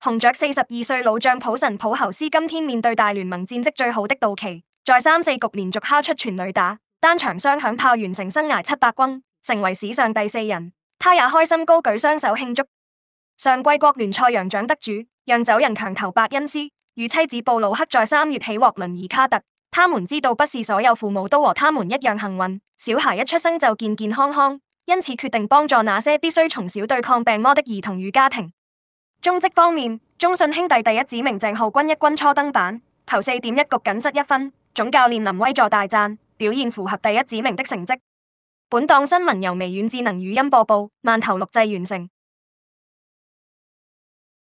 紅雀四十二歲老將普神普侯斯今天面對大聯盟戰績最好的道奇，在三四局連續敲出全壘打，單場雙響炮完成生涯七百轟，成為史上第四人。他也開心高舉雙手慶祝。上季國聯賽揚獎得主讓走人強投伯恩斯，與妻子布魯克在三月喜獲麟兒卡特。他們知道不是所有父母都和他們一樣幸運，小孩一出生就健健康康，因此決定幫助那些必須從小對抗病魔的兒童與家庭。中職方面，中信兄弟第一指名鄭浩均一軍初登板，頭四點一局僅失一分，總教練林威助大讚表現符合第一指名的成績。本檔新聞由微軟智能語音播報，慢頭錄製完成。